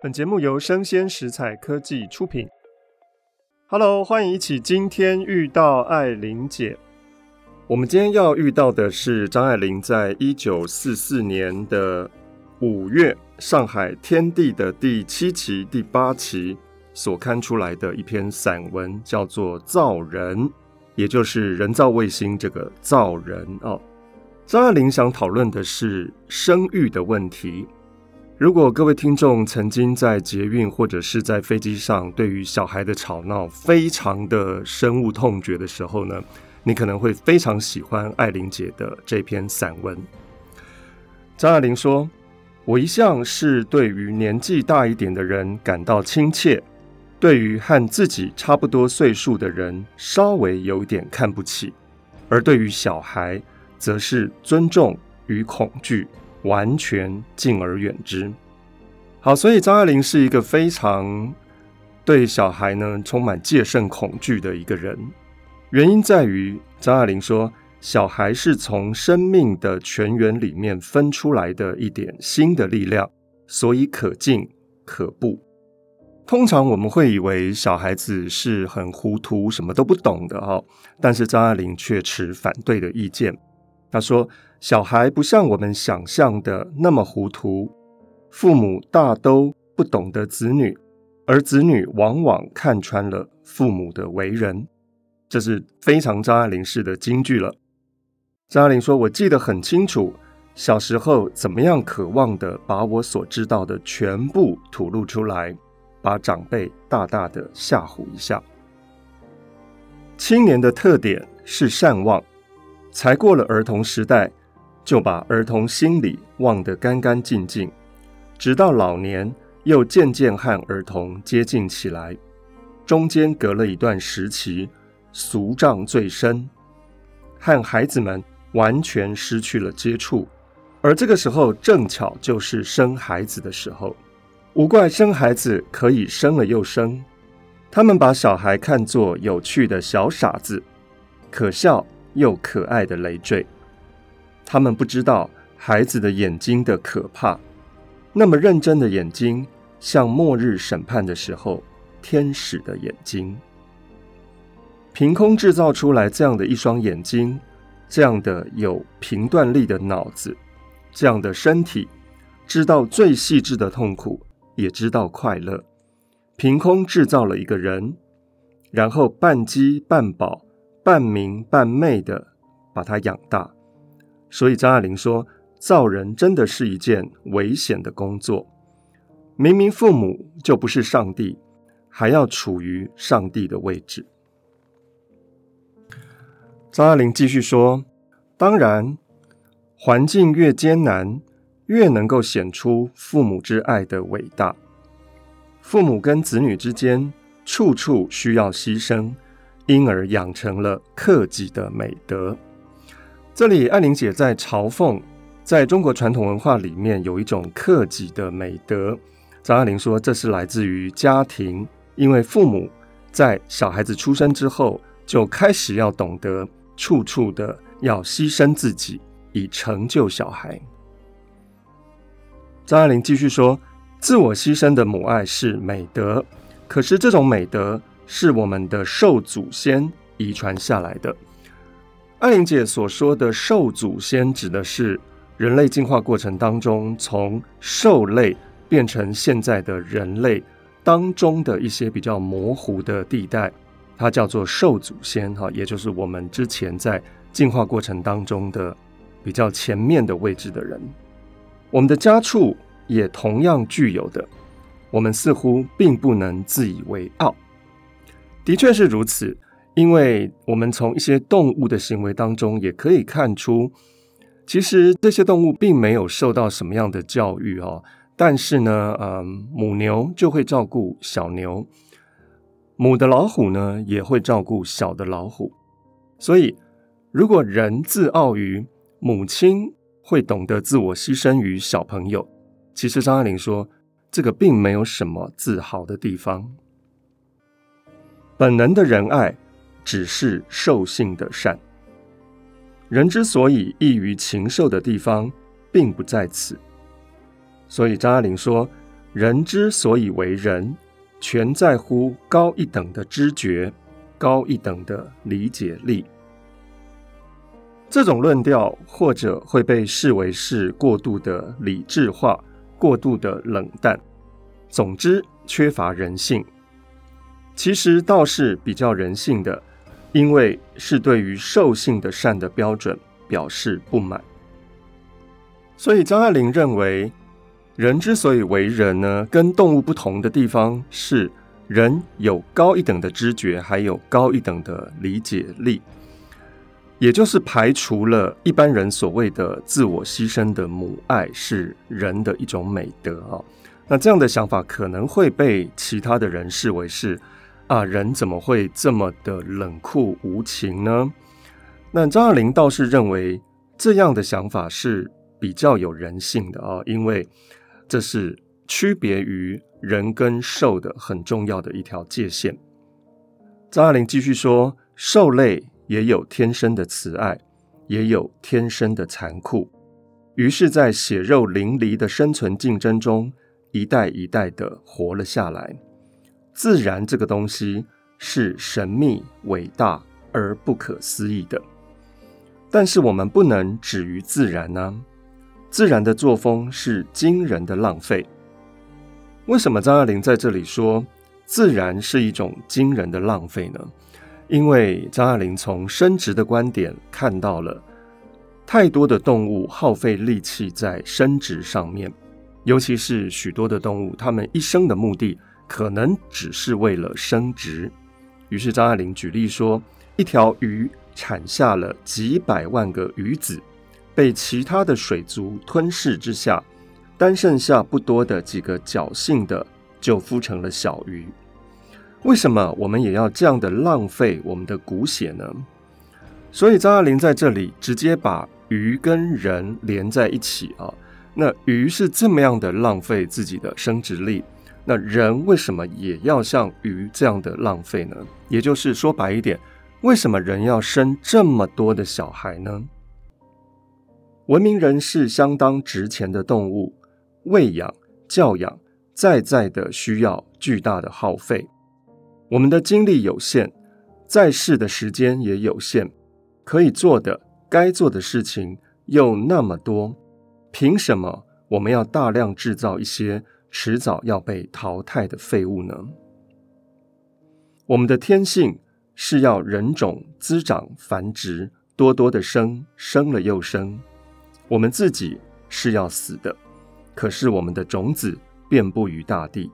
本節目由聲鮮時采科技出品。Hello，歡迎一起今天遇到愛玲姐。我們今天要遇到的是張愛玲在一九四四年的五月《上海天地》的第七期、第八期所刊出來的一篇散文，叫做《造人》，也就是人造衛星這個“造人”哦。張愛玲想討論的是生育的問題。如果各位聽眾曾經在捷運或者是在飛機上，對於小孩的吵鬧非常的深惡痛絕的時候呢，你可能會非常喜歡愛玲姐的這篇散文。張愛玲說：“我一向是對於年紀大一點的人感到親切，對於和自己差不多歲數的人稍微有點看不起，而對於小孩，則是尊重與恐懼。”完全敬而遠之。好，所以張愛玲是一個非常對小孩呢充滿戒慎恐懼的一個人。原因在於張愛玲說，小孩是從生命的泉源裡面分出來的一點新的力量，所以可敬可怖。通常我們會以為小孩子是很糊塗、什麼都不懂的哦。但是張愛玲卻持反對的意見。她說。小孩不像我們想象的那麼糊塗，父母大都不懂得子女，而子女往往看穿了父母的為人，這是非常張愛玲式的金句了。張愛玲說：“我記得很清楚，小時候怎麼樣渴望的把我所知道的全部吐露出來，把長輩大大的嚇唬一下。”青年的特點是善忘，才過了兒童時代。就把兒童心理忘得乾乾淨淨，直到老年又漸漸和兒童接近起來，中間隔了一段時期，俗障最深，和孩子們完全失去了接觸。而這個時候正巧就是生孩子的時候，無怪生孩子可以生了又生，他們把小孩看作有趣的小傻子，可笑又可愛的累贅。他們不知道孩子的眼睛的可怕，那麼認真的眼睛，像末日審判的時候天使的眼睛。憑空制造出來這樣的一雙眼睛，這樣的有評斷力的腦子，這樣的身體，知道最細緻的痛苦，也知道快樂。憑空制造了一個人，然後半飢半飽、半明半昧的把他養大。所以張愛玲說：“造人真的是一件危險的工作。明明父母就不是上帝，還要處於上帝的位置。”張愛玲繼續說：“當然，環境越艱難，越能夠顯出父母之愛的偉大。父母跟子女之間，處處需要犧牲，因而養成了克己的美德。”這裡，愛玲姐在嘲諷，在中國傳統文化裡面有一種克己的美德。張愛玲說，這是來自於家庭，因為父母在小孩子出生之後，就開始要懂得處處的要犧牲自己，以成就小孩。張愛玲繼續說，自我犧牲的母愛是美德，可是這種美德是我們的獸祖先遺傳下來的。愛玲姐所說的“獸祖先”指的是人類進化過程當中，從獸類變成現在的人類當中的一些比較模糊的地帶，它叫做“獸祖先”哈，也就是我們之前在進化過程當中的比較前面的位置的人。我們的家畜也同樣具有的，我們似乎並不能自以為傲。的確是如此。因為我們從一些動物的行為當中也可以看出，其實這些動物並沒有受到什麼樣的教育哦，但是呢，嗯母牛就會照顧小牛，母的老虎呢也會照顧小的老虎。所以，如果人自傲於母親會懂得自我犧牲於小朋友，其實張愛玲說這個並沒有什麼自豪的地方，本能的仁愛。只是獸性的善。人之所以異於禽獸的地方，並不在此。所以張愛玲說：“人之所以為人，全在乎高一等的知覺，高一等的理解力。”這種論調或者會被視為是過度的理智化、過度的冷淡，總之缺乏人性。其實倒是比較人性的。因為是對於獸性的善的標準表示不滿，所以張愛玲認為，人之所以為人呢，跟動物不同的地方是，人有高一等的知覺，還有高一等的理解力，也就是排除了一般人所謂的自我犧牲的母愛是人的一種美德啊、哦。那這樣的想法可能會被其他的人視為是。啊，人怎麼會這麼的冷酷無情呢？那張愛玲倒是認為這樣的想法是比較有人性的啊、哦，因為這是區別於人跟獸的很重要的一條界限。張愛玲繼續說，獸類也有天生的慈愛，也有天生的殘酷，於是，在血肉淋漓的生存競爭中，一代一代的活了下來。自然這個東西是神秘、偉大而不可思議的，但是我們不能止於自然呢、啊？自然的作風是驚人的浪費。為什麼張愛玲在這裡說自然是一種驚人的浪費呢？因為張愛玲從生殖的觀點看到了太多的動物耗費力氣在生殖上面，尤其是許多的動物，它們一生的目的。可能只是為了生殖，於是張愛玲舉例說，一條魚產下了幾百萬個魚子，被其他的水族吞噬之下，單剩下不多的幾個僥幸的就孵成了小魚。為什麼我們也要這樣的浪費我們的骨血呢？所以張愛玲在這裡直接把魚跟人連在一起啊，那魚是這麼樣的浪費自己的生殖力。那人為什麼也要像魚這樣的浪費呢？也就是說白一點，為什麼人要生這麼多的小孩呢？文明人是相當值錢的動物，餵養、教養，在在的需要巨大的耗費。我們的精力有限，在世的時間也有限，可以做的、該做的事情又那麼多，憑什麼我們要大量製造一些？遲早要被淘汰的廢物呢？我們的天性是要人種滋長、繁殖，多多的生生了又生。我們自己是要死的，可是我們的種子遍布於大地。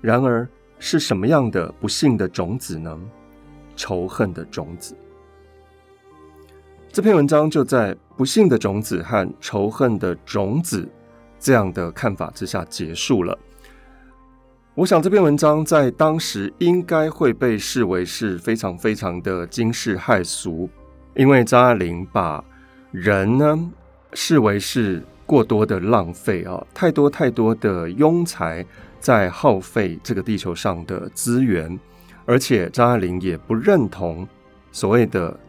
然而，是什麼樣的不幸的種子呢？仇恨的種子。這篇文章就在不幸的種子和仇恨的種子。這樣的看法之下結束了。我想這篇文章在當時應該會被視為是非常非常的驚世駭俗，因為張愛玲把人呢視為是過多的浪費啊，太多太多的庸才在耗費這個地球上的資源，而且張愛玲也不認同所謂的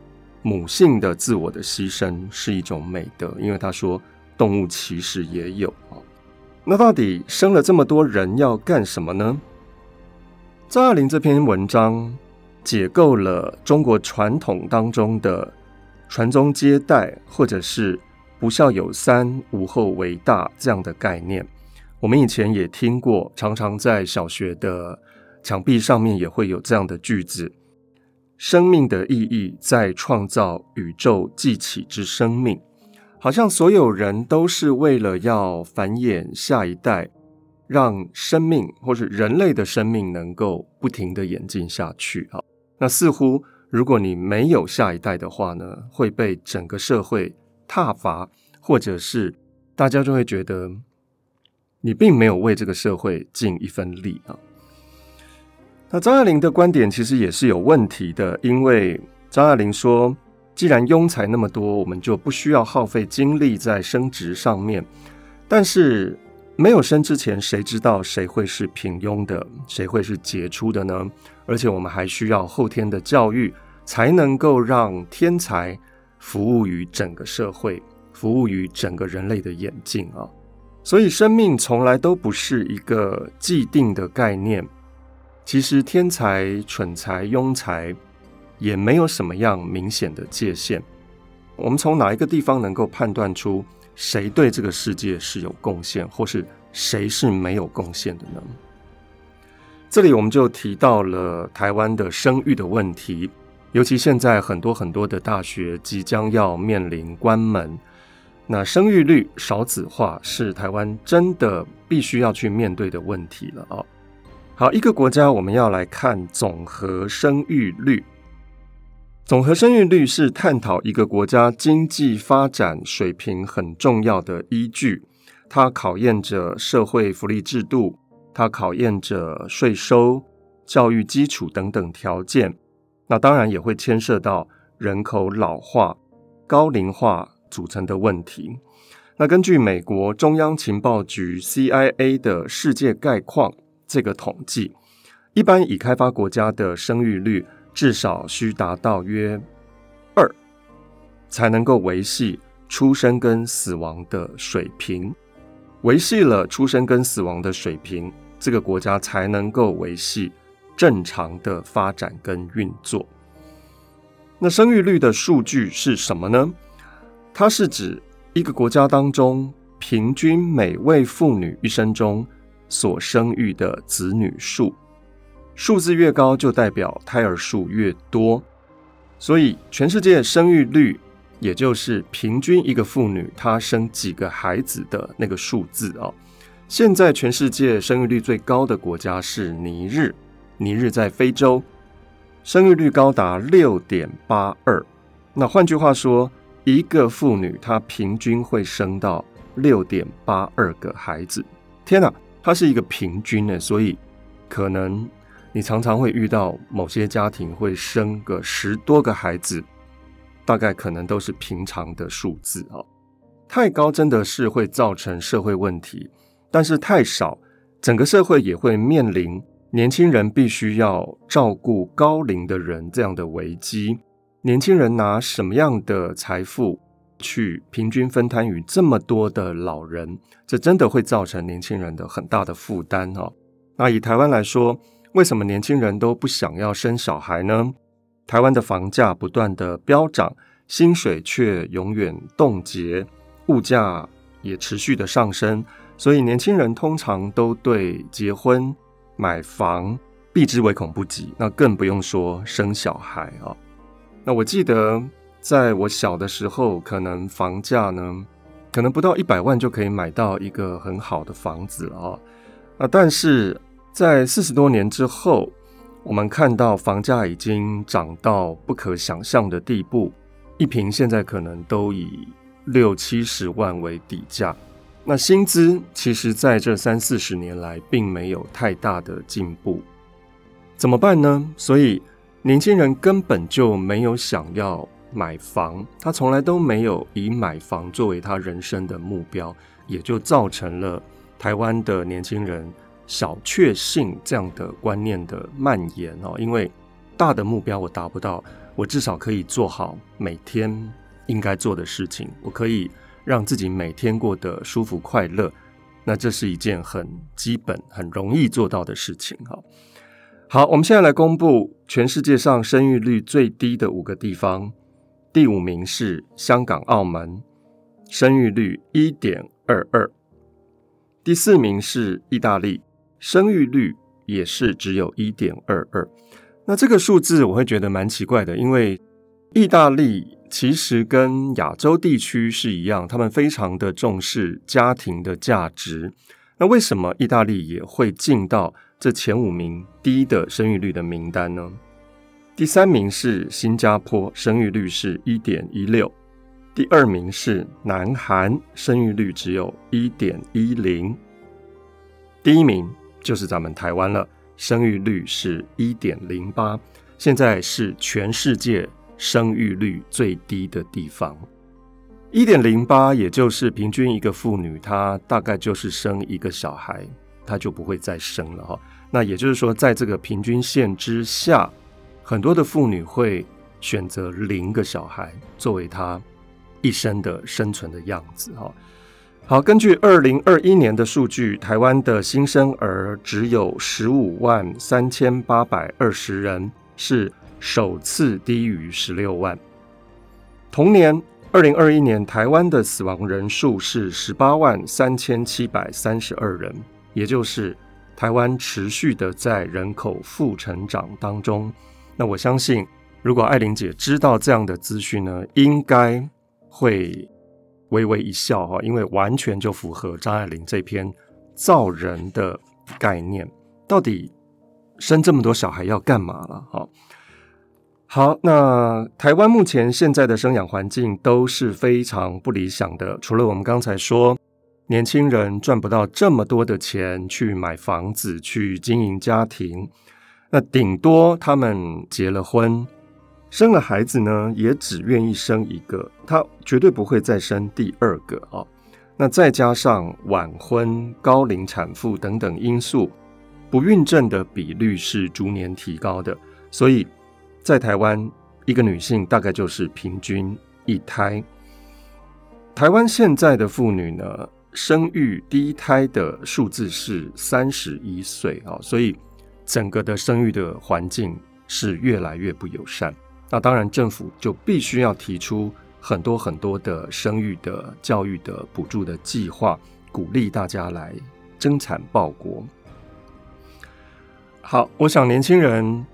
母性的自我的犧牲，是一種美德，因為她說。動物其實也有。那到底生了這麼多人要幹什麼呢？張愛玲這篇文章解構了中國傳統當中的傳宗接代，或者是不孝有三，無後為大這樣的概念。我們以前也聽過，常常在小學的牆壁上面也會有這樣的句子：生命的意義在創造宇宙繼起之生命。好像所有人都是為了要繁衍下一代，讓生命或是人類的生命能夠不停地演進下去啊。那似乎如果你沒有下一代的話呢，會被整個社會撻伐，或者是大家就會覺得你並沒有為這個社會盡一份力啊。那張愛玲的觀點其實也是有問題的，因為張愛玲說。既然庸才那麼多，我們就不需要耗費精力在生殖上面。但是沒有生之前，誰知道誰會是平庸的，誰會是傑出的呢？而且我們還需要後天的教育，才能夠讓天才服務於整個社會，服務於整個人類的演進啊！所以，生命從來都不是一個既定的概念。其實，天才、蠢才、庸才。也沒有什麼樣明顯的界限，我們從哪一個地方能夠判斷出誰對這個世界是有貢獻，或是誰是沒有貢獻的呢？這裡我們就提到了台灣的生育的問題，尤其現在很多很多的大學即將要面臨關門，那生育率少子化是台灣真的必須要去面對的問題了啊、哦！好，一個國家我們要來看總和生育率。總和生育率是探討一個國家經濟發展水平很重要的依據，它考驗着社會福利制度，它考驗着稅收、教育基礎等等條件。那當然也會牽涉到人口老化、高齡化組成的問題。那根據美國中央情報局 （CIA） 的世界概況這個統計，一般已開發國家的生育率。至少需達到約二，才能夠維繫出生跟死亡的水平。維繫了出生跟死亡的水平，這個國家才能夠維繫正常的發展跟運作。那生育率的數據是什麼呢？它是指一個國家當中平均每位婦女一生中所生育的子女數。數字越高，就代表胎兒數越多。所以，全世界生育率，也就是平均一個婦女她生幾個孩子的那個數字啊、喔。現在全世界生育率最高的國家是尼日，尼日在非洲，生育率高達六點八二。那換句話說，一個婦女她平均會生到六點八二個孩子。天啊，她是一個平均的，所以可能。你常常會遇到某些家庭會生個十多個孩子，大概可能都是平常的數字啊。太高真的是會造成社會問題，但是太少，整個社會也會面臨年輕人必須要照顧高齡的人這樣的危機。年輕人拿什麼樣的財富去平均分攤於這麼多的老人，這真的會造成年輕人的很大的負擔啊。那以台灣來說，為什麼年輕人都不想要生小孩呢？台灣的房價不斷的飆漲，薪水卻永遠凍結，物價也持續的上升，所以年輕人通常都對結婚、買房避之唯恐不及，那更不用說生小孩啊。那我記得在我小的時候，可能房價呢，可能不到一百萬就可以買到一個很好的房子啊，啊，但是。在四十多年之後，我們看到房價已經漲到不可想象的地步，一平現在可能都以六七十萬為底價。那薪資其實在這三四十年來並沒有太大的進步，怎麼辦呢？所以年輕人根本就沒有想要買房，他從來都沒有以買房作為他人生的目標，也就造成了台灣的年輕人小確幸這樣的觀念的蔓延哦，因為大的目標我達不到，我至少可以做好每天應該做的事情，我可以讓自己每天過得舒服快樂。那這是一件很基本、很容易做到的事情哦。好，好，我們現在來公布全世界上生育率最低的五個地方，第五名是香港、澳門，生育率一點二二，第四名是意大利。生育率也是只有一點二二，那這個數字我會覺得蠻奇怪的，因為意大利其實跟亞洲地區是一樣，他們非常的重視家庭的價值。那為什麼意大利也會進到這前五名低的生育率的名單呢？第三名是新加坡，生育率是一點一六；第二名是南韓，生育率只有一點一零；第一名。就是咱們台灣了，生育率是一點零八，現在是全世界生育率最低的地方。一點零八，也就是平均一個婦女，她大概就是生一個小孩，她就不會再生了哈、哦。那也就是說，在這個平均線之下，很多的婦女會選擇零個小孩作為她一生的生存的樣子哈、哦。好，根據二零二一年的數據，台灣的新生兒只有十五萬三千八百二十人，是首次低於十六萬。同年二零二一年，台灣的死亡人數是十八萬三千七百三十二人，也就是台灣持續的在人口負成長當中。那我相信，如果愛玲姐知道這樣的資訊呢，應該會。微微一笑哈，因為完全就符合張愛玲這篇造人的概念。到底生這麼多小孩要幹嘛了？哈，好，那台灣目前現在的生養環境都是非常不理想的。除了我們剛才說，年輕人賺不到這麼多的錢去買房子、去經營家庭，那頂多他們結了婚。生了孩子呢，也只願意生一個，他絕對不會再生第二個啊。那再加上晚婚、高齡產婦等等因素，不孕症的比率是逐年提高的。所以，在台灣，一個女性大概就是平均一胎。台灣現在的婦女呢，生育第一胎的數字是三十一歲啊，所以整個的生育的環境是越來越不友善。那當然，政府就必須要提出很多很多的生育的、教育的、補助的計劃，鼓勵大家來增產報國。好，我想年輕人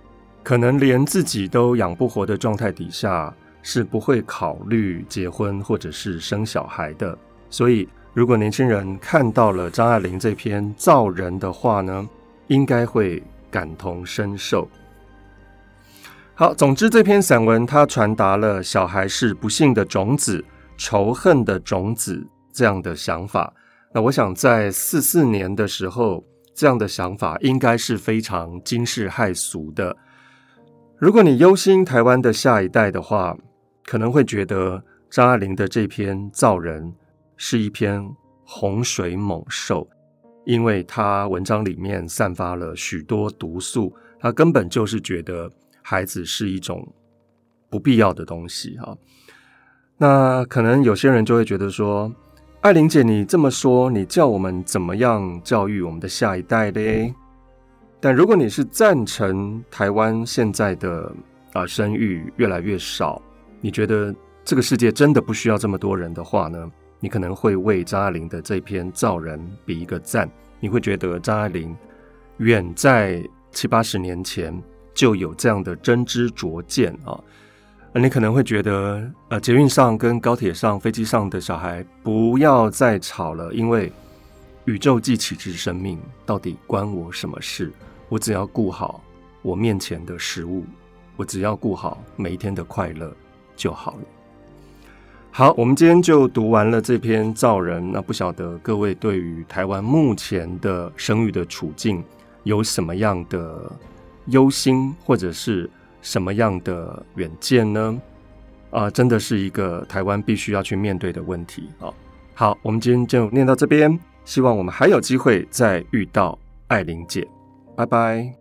可能連自己都養不活的狀態底下，是不會考慮結婚或者是生小孩的。所以，如果年輕人看到了張愛玲這篇造人的話呢，應該會感同身受。好，總之這篇散文它傳達了小孩是不幸的種子、仇恨的種子這樣的想法。那我想在四四年的時候，這樣的想法應該是非常驚世駭俗的。如果你憂心台灣的下一代的話，可能會覺得張愛玲的這篇《造人》是一篇洪水猛獸，因為他文章裡面散發了許多毒素，他根本就是覺得。孩子是一種不必要的東西哈、啊。那可能有些人就會覺得說：“愛玲姐，你這麼說，你叫我們怎麼樣教育我們的下一代嘞？”嗯、但如果你是贊成台灣現在的啊、呃、生育越來越少，你覺得這個世界真的不需要這麼多人的話呢？你可能會為張愛玲的這篇《造人》比一個讚。你會覺得張愛玲遠在七八十年前。就有這樣的真知灼見啊！你可能會覺得，呃，捷運上、跟高鐵上、飛機上的小孩不要再吵了，因為宇宙繼起之生命，到底關我什麼事？我只要顧好我面前的食物，我只要顧好每一天的快樂就好了。好，我們今天就讀完了這篇造人。那不曉得各位對於台灣目前的生育的處境有什麼樣的？憂心或者是什麼樣的遠見呢？啊、呃，真的是一個台灣必須要去面對的問題啊！好，我們今天就念到這邊，希望我們還有機會再遇到愛玲姐，拜拜。